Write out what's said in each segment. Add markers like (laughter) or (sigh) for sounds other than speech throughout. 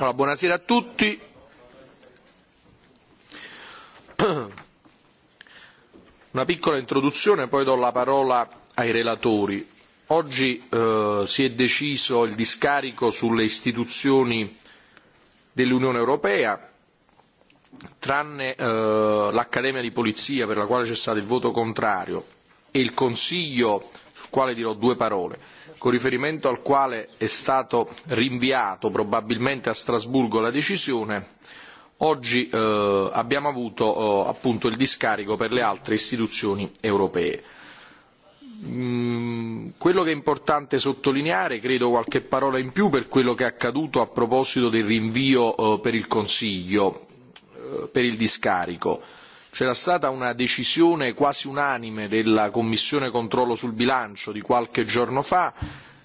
Allora, buonasera a tutti. (clears throat) Una piccola introduzione, poi do la parola ai relatori. Oggi eh, si è deciso il discarico sulle istituzioni dell'Unione Europea, tranne eh, l'Accademia di Polizia per la quale c'è stato il voto contrario e il Consiglio sul quale dirò due parole con riferimento al quale è stato rinviato probabilmente a Strasburgo la decisione, oggi eh, abbiamo avuto eh, appunto il discarico per le altre istituzioni europee. Mm, quello che è importante sottolineare, credo qualche parola in più per quello che è accaduto a proposito del rinvio eh, per il Consiglio, eh, per il discarico. Eh, C'era stata una decisione quasi unanime della Commissione controllo sul bilancio di qualche giorno fa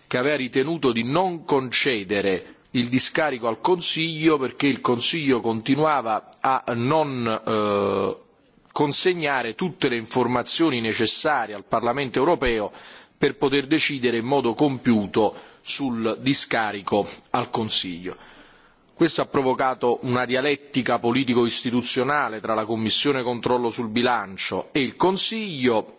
che aveva ritenuto di non concedere il discarico al Consiglio perché il Consiglio continuava a non eh, consegnare tutte le informazioni necessarie al Parlamento europeo per poter decidere in modo compiuto sul discarico al Consiglio. Questo ha provocato una dialettica politico-istituzionale tra la Commissione controllo sul bilancio e il Consiglio.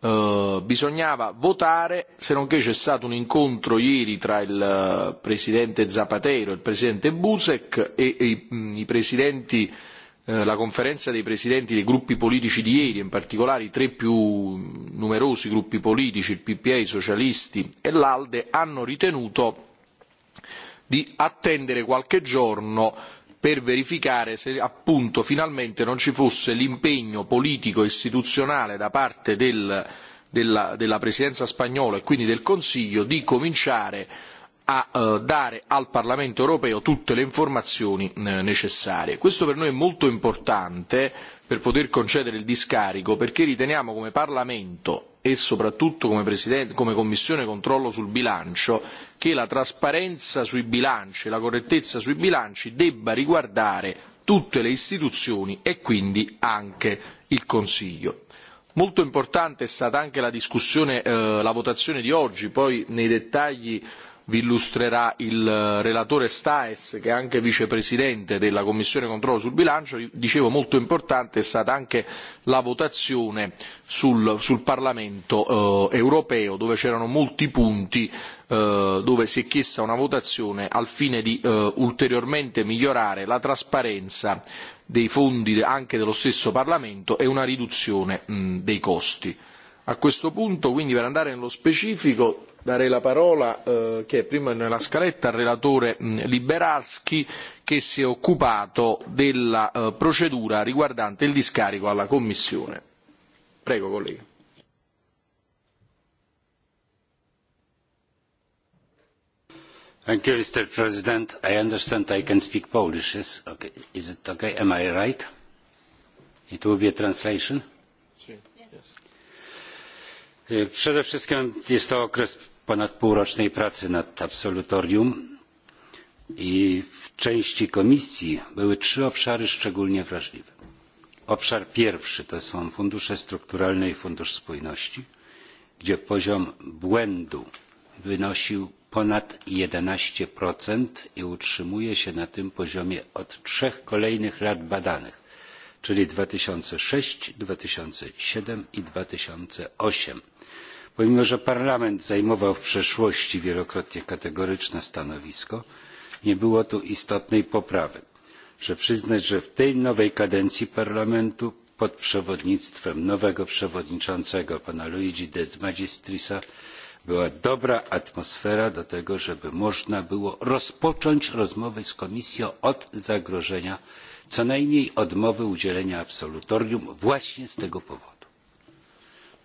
Eh, bisognava votare, se non che c'è stato un incontro ieri tra il eh, Presidente Zapatero e il Presidente Busek e, e i, mm, i Presidenti eh, la conferenza dei presidenti dei gruppi politici di ieri, in particolare i tre più mm, numerosi gruppi politici, il PPA, i socialisti e l'Alde, hanno ritenuto eh, di attendere qualche giorno per verificare se appunto finalmente non ci fosse l'impegno politico e istituzionale da parte del, della, della presidenza spagnola e quindi del Consiglio di cominciare a eh, dare al Parlamento europeo tutte le informazioni eh, necessarie. Questo per noi è molto importante per poter concedere il discarico perché riteniamo come Parlamento e soprattutto come, Presidente, come Commissione controllo sul bilancio che la trasparenza sui bilanci e la correttezza sui bilanci debba riguardare tutte le istituzioni e quindi anche il Consiglio. Molto importante è stata anche la discussione, eh, la votazione di oggi, poi nei dettagli vi illustrerà il eh, relatore Staes, che è anche vicepresidente della Commissione controllo sul bilancio, dicevo molto importante è stata anche la votazione sul, sul Parlamento eh, europeo, dove c'erano molti punti eh, dove si è chiesta una votazione al fine di eh, ulteriormente migliorare la trasparenza dei fondi anche dello stesso Parlamento e una riduzione mh, dei costi. A questo punto, quindi per andare nello specifico, darei la parola eh, che è prima nella scaletta al relatore mh, mm, Liberaschi che si è occupato della eh, procedura riguardante il discarico alla Commissione. Prego collega. Thank you, Mr. President. I understand I can speak Polish. Yes? Okay. Is it okay? Am I right? It will be a translation? Yes. Yes. Przede wszystkim jest to okres ponad półrocznej pracy nad absolutorium i w części komisji były trzy obszary szczególnie wrażliwe. Obszar pierwszy to są fundusze strukturalne i fundusz spójności, gdzie poziom błędu wynosił ponad 11% i utrzymuje się na tym poziomie od trzech kolejnych lat badanych, czyli 2006, 2007 i 2008 pomimo że parlament zajmował w przeszłości wielokrotnie kategoryczne stanowisko nie było tu istotnej poprawy. muszę przyznać że w tej nowej kadencji parlamentu pod przewodnictwem nowego przewodniczącego pana luigi de magistrisa była dobra atmosfera do tego żeby można było rozpocząć rozmowy z komisją od zagrożenia co najmniej odmowy udzielenia absolutorium właśnie z tego powodu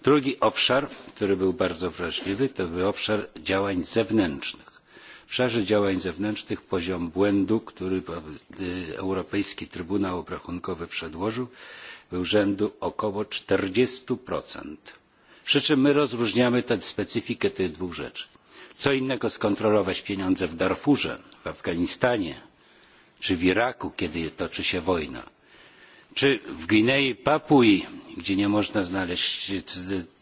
drugi obszar który był bardzo wrażliwy to był obszar działań zewnętrznych. w obszarze działań zewnętrznych poziom błędu który e, europejski trybunał obrachunkowy przedłożył był rzędu około czterdzieści przy czym my rozróżniamy tę specyfikę tych dwóch rzeczy. co innego skontrolować pieniądze w darfurze w afganistanie czy w iraku kiedy toczy się wojna czy w gwinei papui gdzie nie można znaleźć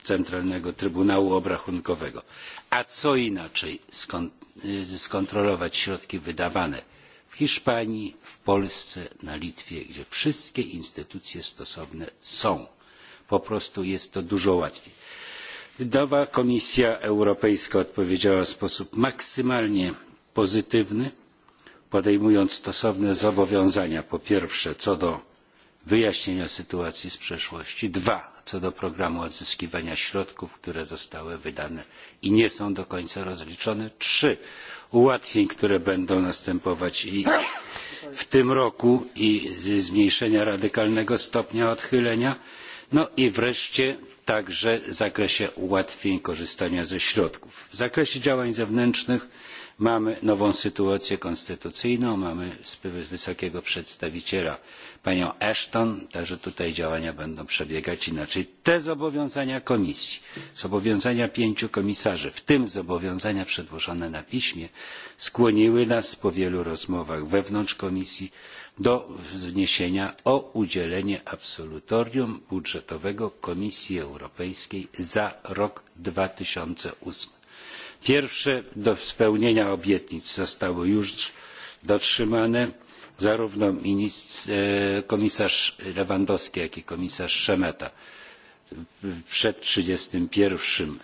centralnego trybunału obrachunkowego a co inaczej skontrolować środki wydawane w hiszpanii w polsce na litwie gdzie wszystkie instytucje stosowne są po prostu jest to dużo łatwiej. nowa komisja europejska odpowiedziała w sposób maksymalnie pozytywny podejmując stosowne zobowiązania po pierwsze co do wyjaśnienia sytuacji z przeszłości, dwa co do programu odzyskiwania środków, które zostały wydane i nie są do końca rozliczone, trzy ułatwień, które będą następować i w tym roku i zmniejszenia radykalnego stopnia odchylenia, no i wreszcie także w zakresie ułatwień korzystania ze środków. W zakresie działań zewnętrznych mamy nową sytuację konstytucyjną mamy wysokiego przedstawiciela panią ashton także tutaj działania będą przebiegać inaczej. te zobowiązania komisji zobowiązania pięciu komisarzy w tym zobowiązania przedłożone na piśmie skłoniły nas po wielu rozmowach wewnątrz komisji do wniesienia o udzielenie absolutorium budżetowego komisji europejskiej za rok dwa tysiące osiem pierwsze do spełnienia obietnic zostały już dotrzymane zarówno e, komisarz lewandowski jak i komisarz emeta przed trzydzieści jeden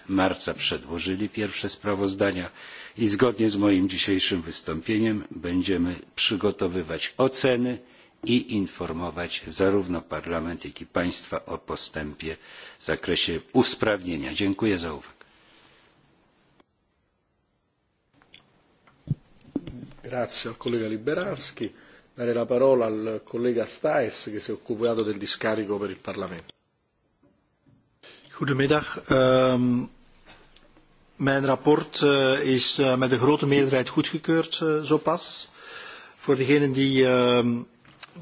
marca przedłożyli pierwsze sprawozdania i zgodnie z moim dzisiejszym wystąpieniem będziemy przygotowywać oceny i informować zarówno parlament jak i państwa o postępie w zakresie usprawnienia. dziękuję za Grazie al collega Liberanski. Dare la parola al collega Staes che si è occupato del discarico per il Parlamento. Goedemiddag. Um, mijn rapport uh, is uh, met een grote meerderheid goedgekeurd uh, zo pas. Voor degenen die uh,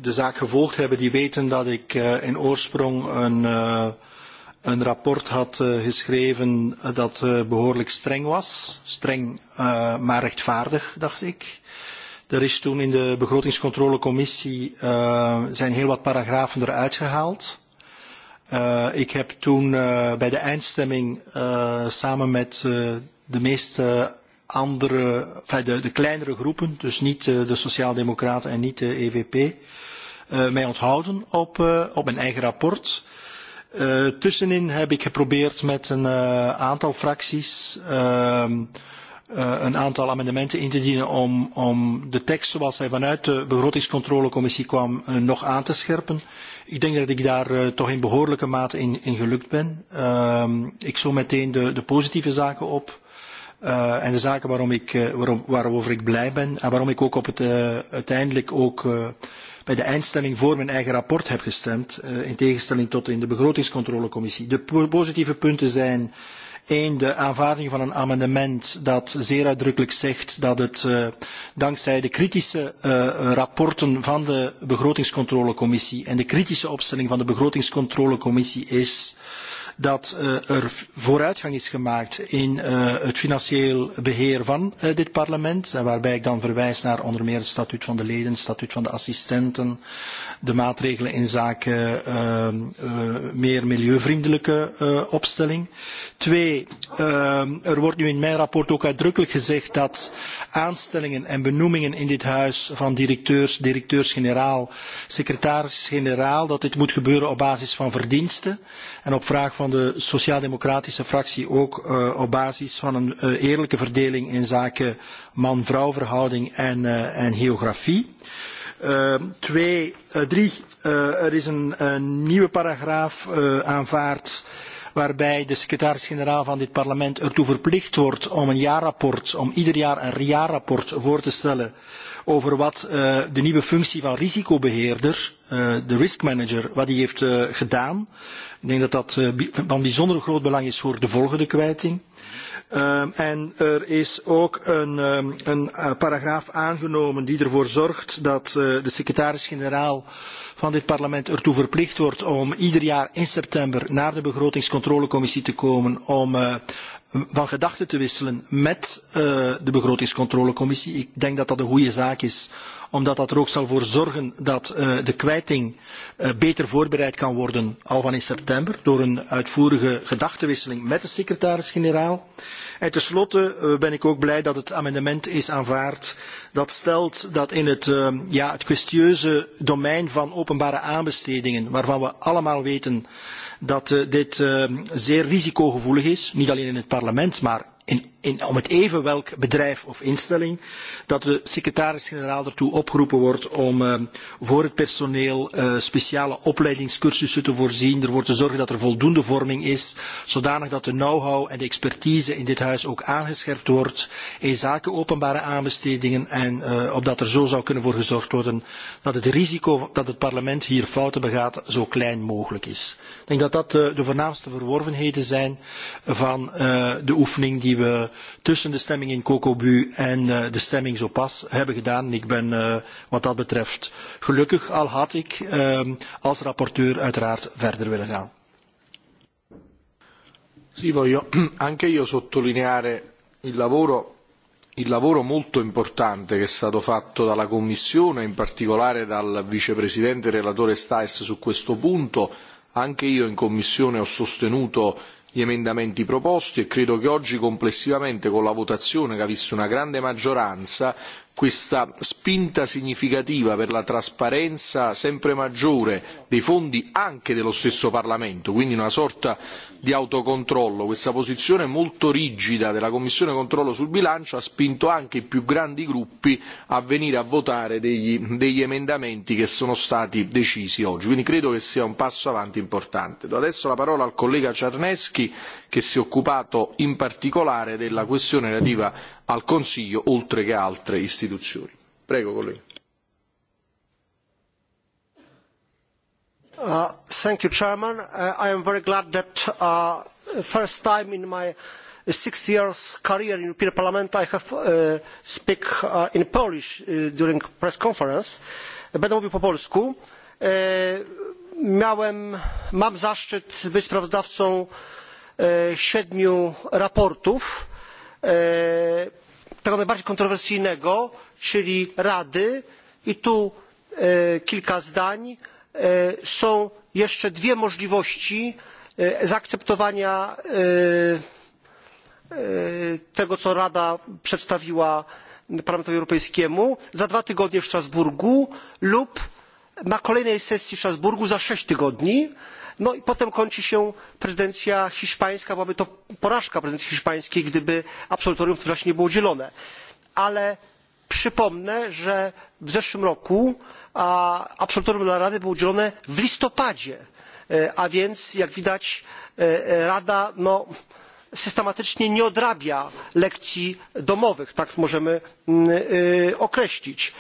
de zaak gevolgd hebben, die weten dat ik uh, in oorsprong een uh, een rapport had uh, geschreven eh, dat uh, behoorlijk streng was. Streng, uh, maar rechtvaardig, dacht ik. Er is toen in de begrotingscontrolecommissie uh, zijn heel wat paragrafen eruit gehaald. Uh, ik heb toen uh, bij de eindstemming uh, samen met uh, de meeste andere, enfin, de, de kleinere groepen, dus niet uh, de Sociaaldemocraten en niet de EVP, uh, mij onthouden op, uh, op mijn eigen rapport. Uh, Uh, tussenin heb ik geprobeerd met een uh, aantal fracties uh, uh, een aantal amendementen in te dienen om, om de tekst zoals hij vanuit de begrotingscontrolecommissie kwam uh, nog aan te scherpen. Ik denk dat ik daar uh, toch in behoorlijke mate in, in gelukt ben. Uh, ik zoom meteen de, de positieve zaken op uh, en de zaken waarom ik, uh, waarom, waarover ik blij ben en waarom ik ook op het uh, uiteindelijk ook... Uh, bij de eindstemming voor mijn eigen rapport heb gestemd, uh, in tegenstelling tot in de begrotingscontrolecommissie. De po positieve punten zijn één, de aanvaarding van een amendement dat zeer uitdrukkelijk zegt dat het uh, dankzij de kritische uh, rapporten van de begrotingscontrolecommissie en de kritische opstelling van de begrotingscontrolecommissie is, uh, dat uh, er vooruitgang is gemaakt in uh, het financieel beheer van uh, dit parlement, uh, waarbij ik dan verwijs naar onder meer het statuut van de leden, het statuut van de assistenten, de maatregelen in zaken uh, uh, meer milieuvriendelijke uh, opstelling. Twee, uh, er wordt nu in mijn rapport ook uitdrukkelijk gezegd dat aanstellingen en benoemingen in dit huis van directeurs, directeurs-generaal, secretaris-generaal, dat dit moet gebeuren op basis van verdiensten en op vraag van van de sociaal-democratische fractie ook uh, op basis van een uh, eerlijke verdeling in zaken man-vrouw verhouding en, uh, en geografie. Uh, twee, uh, drie, uh, er is een, een nieuwe paragraaf uh, aanvaard uh, waarbij de secretaris-generaal van dit parlement ertoe verplicht wordt om een jaarrapport, om ieder jaar een jaarrapport voor te stellen over wat uh, de nieuwe functie van risicobeheerder, uh, de risk manager, wat die heeft uh, gedaan. Ik denk dat dat uh, van bijzonder groot belang is voor de volgende kwijting. Uh, Ehm, en er is ook een, ehm, een eh, paragraaf aangenomen die ervoor zorgt dat eh, de secretaris-generaal van dit parlement ertoe verplicht wordt om ieder jaar in september naar de begrotingscontrolecommissie te komen om eh, van gedachten te wisselen met de begrotingscontrolecommissie. Ik denk dat dat een goede zaak is omdat dat er ook zal voor zorgen dat uh, de kwijting uh, beter voorbereid kan worden al van in september door een uitvoerige gedachtenwisseling met de secretaris-generaal. En tenslotte uh, ben ik ook blij dat het amendement is aanvaard dat stelt dat in het, uh, ja, het kwestieuze domein van openbare aanbestedingen waarvan we allemaal weten dat uh, dit uh, zeer risicogevoelig is, niet alleen in het parlement, maar in, in, om het even welk bedrijf of instelling, dat de secretaris-generaal ertoe opgeroepen wordt om uh, voor het personeel uh, speciale opleidingscursussen te voorzien, ervoor te zorgen dat er voldoende vorming is, zodanig dat de know-how en de expertise in dit huis ook aangescherpt wordt in zaken openbare aanbestedingen en uh, opdat er zo zou kunnen voor gezorgd worden dat het risico dat het parlement hier fouten begaat zo klein mogelijk is. Ik denk dat dat uh, de voornaamste verworvenheden zijn van uh, de oefening die die we tussen de stemming in Kokobu en uh, de stemming zo pas hebben gedaan. Ik ben uh, wat dat betreft gelukkig, al had ik uh, als rapporteur uiteraard verder willen gaan. Sì, voglio (clears throat) anche io sottolineare il lavoro, il lavoro molto importante che è stato fatto dalla Commissione, in particolare dal Vicepresidente e Relatore Stais su questo punto. Anche io in Commissione ho sostenuto gli emendamenti proposti e credo che oggi complessivamente con la votazione che ha visto una grande maggioranza questa spinta significativa per la trasparenza sempre maggiore dei fondi anche dello stesso Parlamento, quindi una sorta di autocontrollo, questa posizione molto rigida della Commissione controllo sul bilancio ha spinto anche i più grandi gruppi a venire a votare degli, degli emendamenti che sono stati decisi oggi, quindi credo che sia un passo avanti importante. Do adesso la parola al collega Cerneschi che si è occupato in particolare della questione relativa al Consiglio oltre che a altre istituzioni. Prego, collega. Uh, thank you, Chairman. Uh, I am very glad that uh, first time in my six years career in European Parliament I have uh, speak uh, in Polish uh, during press conference. Będę mówił po polsku. E, miałem, mam zaszczyt być sprawozdawcą e, siedmiu raportów. E, tego najbardziej kontrowersyjnego czyli rady i tu e, kilka zdań e, są jeszcze dwie możliwości zaakceptowania tego co rada przedstawiła parlamentowi europejskiemu za dwa tygodnie w strasburgu lub na kolejnej sesji w strasburgu za sześć tygodni no i potem kończy się prezydencja hiszpańska byłaby to porażka prezydencji hiszpańskiej gdyby absolutorium w tym czasie nie było dzielone. ale przypomnę że w zeszłym roku absolutorium dla rady było udzielone w listopadzie e, a więc jak widać e, e, rada no, systematycznie nie odrabia lekcji domowych tak możemy mm, określić.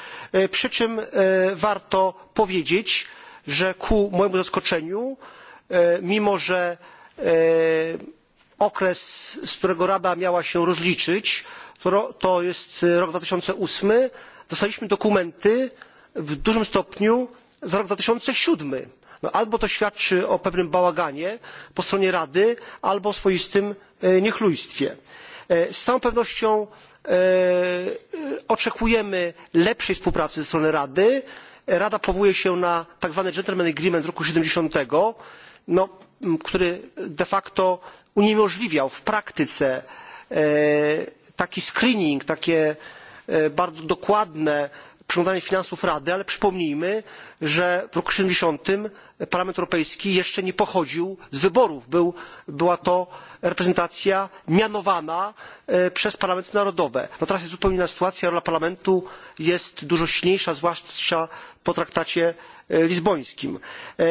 przy czym warto powiedzieć że ku mojemu zaskoczeniu E, mimo że e, okres z którego rada miała się rozliczyć to jest rok dwa tysiące osiem dostaliśmy dokumenty w dużym stopniu za rok. dwa tysiące siedem no, albo to świadczy o pewnym bałaganie po stronie rady albo o swoistym e, niechlujstwie. z całą pewnością oczekujemy lepszej współpracy ze strony rady. rada powołuje się na tak zwany gentlemen's agreement z roku tysiąc dziewięćset siedemdziesiąt No, który de facto uniemożliwiał w praktyce e, taki screening, takie e, bardzo dokładne przyglądanie finansów Rady, ale przypomnijmy, że w roku 70 Parlament Europejski jeszcze nie pochodził z wyborów. Był, była to reprezentacja mianowana e, przez Parlamenty Narodowe. No teraz jest zupełnie inna sytuacja. Rola Parlamentu jest dużo silniejsza, zwłaszcza po traktacie E, lizbońskim. E, e,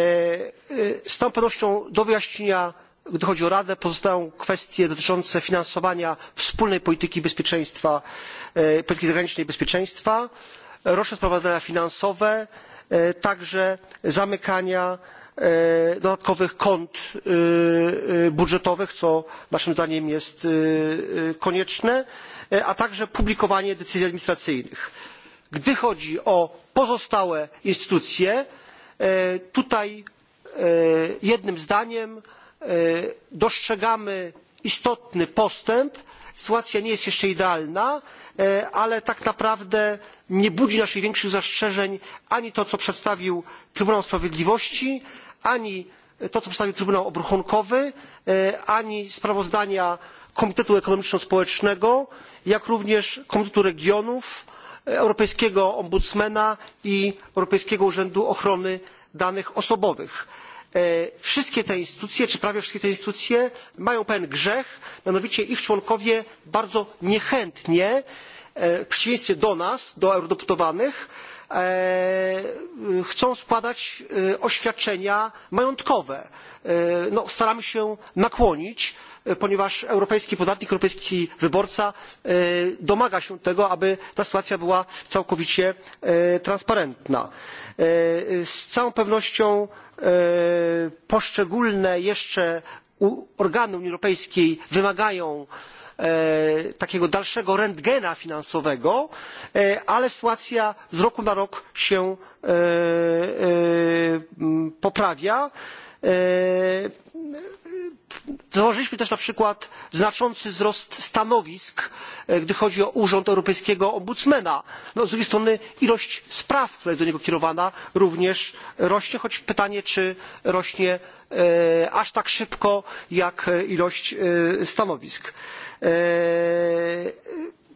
z całą pewnością do wyjaśnienia gdy chodzi o radę pozostają kwestie dotyczące finansowania wspólnej polityki bezpieczeństwa polityki zagranicznej i bezpieczeństwa roczne sprawozdania finansowe także zamykania dodatkowych kont budżetowych co naszym zdaniem jest konieczne a także publikowanie decyzji administracyjnych gdy chodzi o pozostałe instytucje e, tutaj e, jednym zdaniem e, dostrzegamy istotny postęp sytuacja nie jest jeszcze idealna ale tak naprawdę nie budzi naszych większych zastrzeżeń ani to co przedstawił trybunał sprawiedliwości ani to co przedstawił trybunał obrachunkowy ani sprawozdania komitetu ekonomiczno społecznego jak również komitetu regionów europejskiego ombudsmana i europejskiego urzędu ochrony danych osobowych. E, wszystkie te instytucje czy prawie wszystkie te instytucje mają pewien grzech mianowicie ich członkowie bardzo niechętnie e, w przeciwieństwie do nas do eurodeputowanych E, chcą składać e, oświadczenia majątkowe. E, no, staramy się nakłonić ponieważ europejski podatnik, europejski wyborca domaga się tego, aby ta sytuacja była całkowicie transparentna. Z całą pewnością poszczególne jeszcze organy Unii Europejskiej wymagają E, takiego dalszego rentgena finansowego e, ale sytuacja z roku na rok się e, poprawia. E, Zauważyliśmy też na przykład znaczący wzrost stanowisk, e, gdy chodzi o Urząd Europejskiego Ombudsmana. No, z drugiej strony ilość spraw, która jest do niego kierowana, również rośnie, choć pytanie, czy rośnie e, aż tak szybko, jak ilość e, stanowisk. E,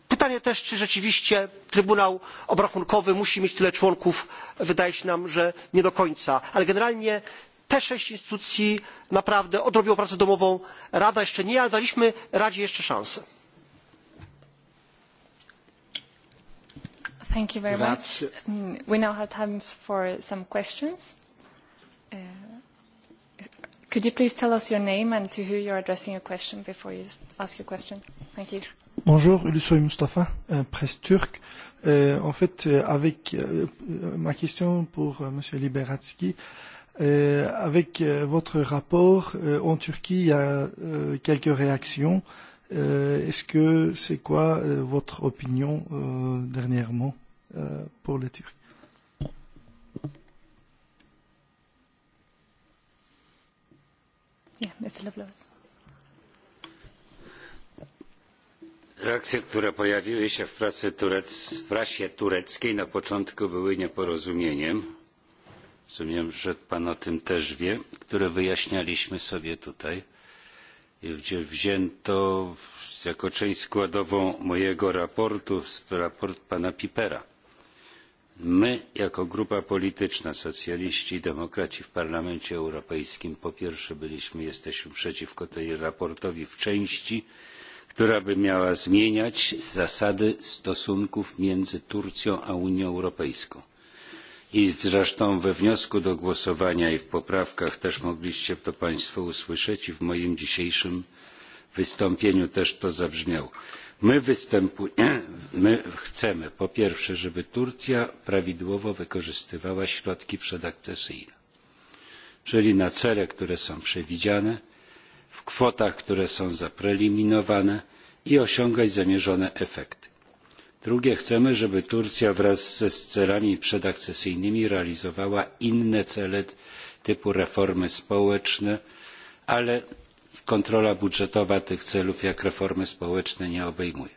pytanie też, czy rzeczywiście Trybunał Obrachunkowy musi mieć tyle członków, wydaje się nam, że nie do końca. Ale generalnie te sześć instytucji naprawdę odrobiło pracę domową rada jeszcze nie ale daliśmy radzie jeszcze szansę. Mm, uh, Bonjour, Ulusoy Mustafa, presse turque. Euh, en fait, euh, avec euh, euh, ma question pour euh, M. Liberatsky, euh, euh, avec euh, votre rapport euh, en Turquie, il y a euh, quelques réactions. Euh, Est-ce que c'est quoi euh, votre opinion euh, dernièrement euh, pour la Turquie yeah, Mr. Reakcje, które pojawiły się w prasie, turec, prasie tureckiej na początku były nieporozumieniem rozumiem że pan o tym też wie które wyjaśnialiśmy sobie tutaj i gdzie wzięto jako część składową mojego sprawozdania sprawozdanie pana pipera. my jako grupa polityczna socjaliści i demokraci w parlamencie europejskim po pierwsze byliśmy i jesteśmy przeciwko tej sprawozdaniu w części która by miała zmieniać zasady stosunków między turcją a unią europejską i zresztą we wniosku do głosowania i w poprawkach też mogliście to Państwo usłyszeć i w moim dzisiejszym wystąpieniu też to zabrzmiało. My, występu... (clears throat) My chcemy po pierwsze, żeby Turcja prawidłowo wykorzystywała środki przedakcesyjne, czyli na cele, które są przewidziane, w kwotach, które są zapreliminowane i osiągać zamierzone efekty. Drugie, chcemy, żeby Turcja wraz ze celami przedakcesyjnymi realizowała inne cele typu reformy społeczne, ale kontrola budżetowa tych celów jak reformy społeczne nie obejmuje.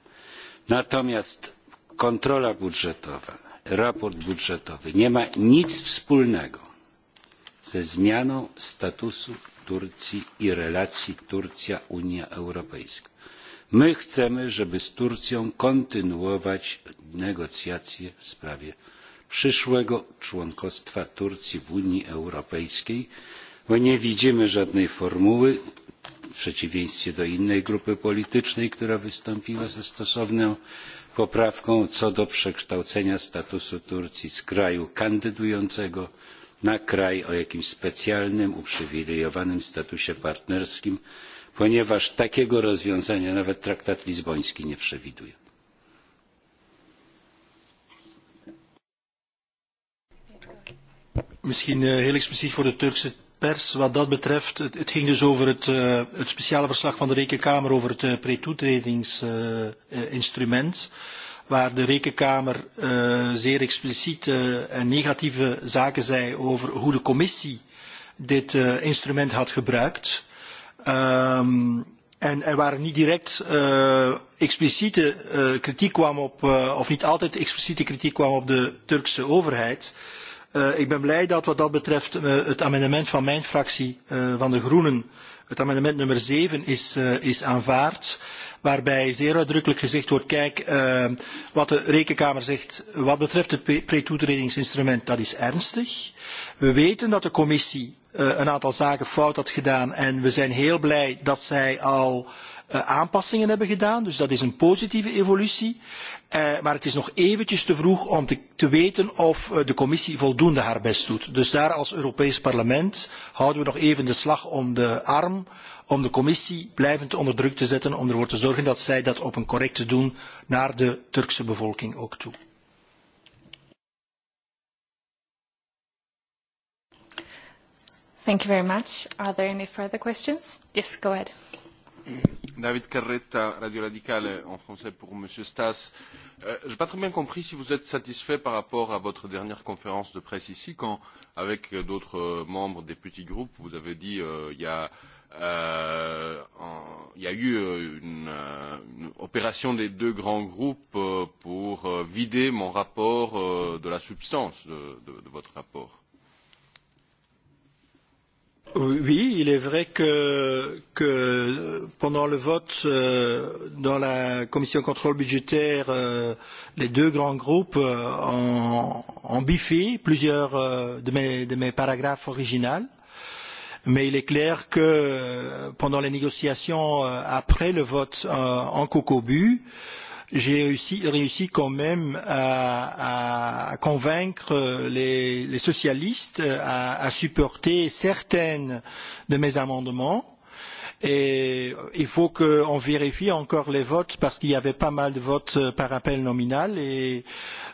Natomiast kontrola budżetowa, raport budżetowy nie ma nic wspólnego ze zmianą statusu Turcji i relacji Turcja-Unia Europejska. My chcemy, żeby z Turcją kontynuować negocjacje w sprawie przyszłego członkostwa Turcji w Unii Europejskiej, bo nie widzimy żadnej formuły, w przeciwieństwie do innej grupy politycznej, która wystąpiła ze stosowną poprawką co do przekształcenia statusu Turcji z kraju kandydującego na kraj o jakimś specjalnym, uprzywilejowanym statusie partnerskim, ponieważ takiego rozwiązania nawet traktat lizboński nie przewiduje. Misschien eh, heel expliciet voor de Turkse pers wat dat betreft. Het, het ging dus over het, uh, het speciale verslag van de Rekenkamer over het uh, pretoetredingsinstrument. Uh, uh, waar de Rekenkamer uh, zeer expliciete uh, en negatieve zaken zei over hoe de commissie dit uh, instrument had gebruikt. Uh, Um, en er waren niet direct uh, expliciete uh, kritiek kwam op, uh, of niet altijd expliciete kritiek kwam op de Turkse overheid. Uh, ik ben blij dat wat dat betreft uh, het amendement van mijn fractie uh, van de Groenen uh, Het amendement nummer 7 is, uh, is aanvaard, waarbij zeer uitdrukkelijk gezegd wordt, kijk, uh, wat de Rekenkamer zegt wat betreft het pretoetredingsinstrument, dat is ernstig. We weten dat de commissie uh, een aantal zaken fout had gedaan en we zijn heel blij dat zij al Eh, aanpassingen hebben gedaan. Dus dat is een positieve evolutie. Eh, maar het is nog eventjes te vroeg om te, te weten of eh, de commissie voldoende haar best doet. Dus daar als Europees parlement houden we nog even de slag om de arm om de commissie blijvend onder druk te zetten om ervoor te zorgen dat zij dat op een correcte doen naar de Turkse bevolking ook toe. Thank you very much. Are there any further questions? Yes, go ahead. David Carretta, Radio Radicale, en français pour M. Stas. Euh, je n'ai pas très bien compris si vous êtes satisfait par rapport à votre dernière conférence de presse ici, quand, avec d'autres membres des petits groupes, vous avez dit qu'il euh, y, euh, y a eu euh, une, euh, une opération des deux grands groupes euh, pour vider mon rapport de la substance de, de, de votre rapport. Oui, il est vrai que, que pendant le vote euh, dans la commission contrôle budgétaire, euh, les deux grands groupes euh, ont, ont biffé plusieurs de mes, de mes paragraphes originaux. Mais il est clair que pendant les négociations après le vote en cocobu, j'ai réussi, réussi quand même à, à convaincre les, les socialistes à, à supporter certaines de mes amendements. Et il faut qu'on vérifie encore les votes parce qu'il y avait pas mal de votes euh, par appel nominal et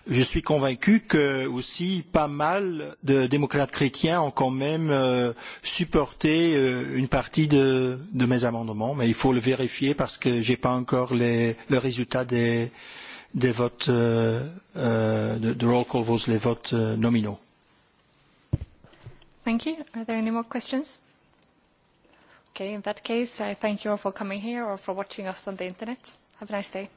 je suis convaincu que aussi pas mal de démocrates chrétiens ont quand même euh, supporté euh, une partie de, de mes amendements. Mais il faut le vérifier parce que j'ai pas encore les, le résultat des, des votes euh, de, de roll call votes, les votes nominaux. Thank you. Are there any more questions? okay in that case i thank you all for coming here or for watching us on the internet have a nice day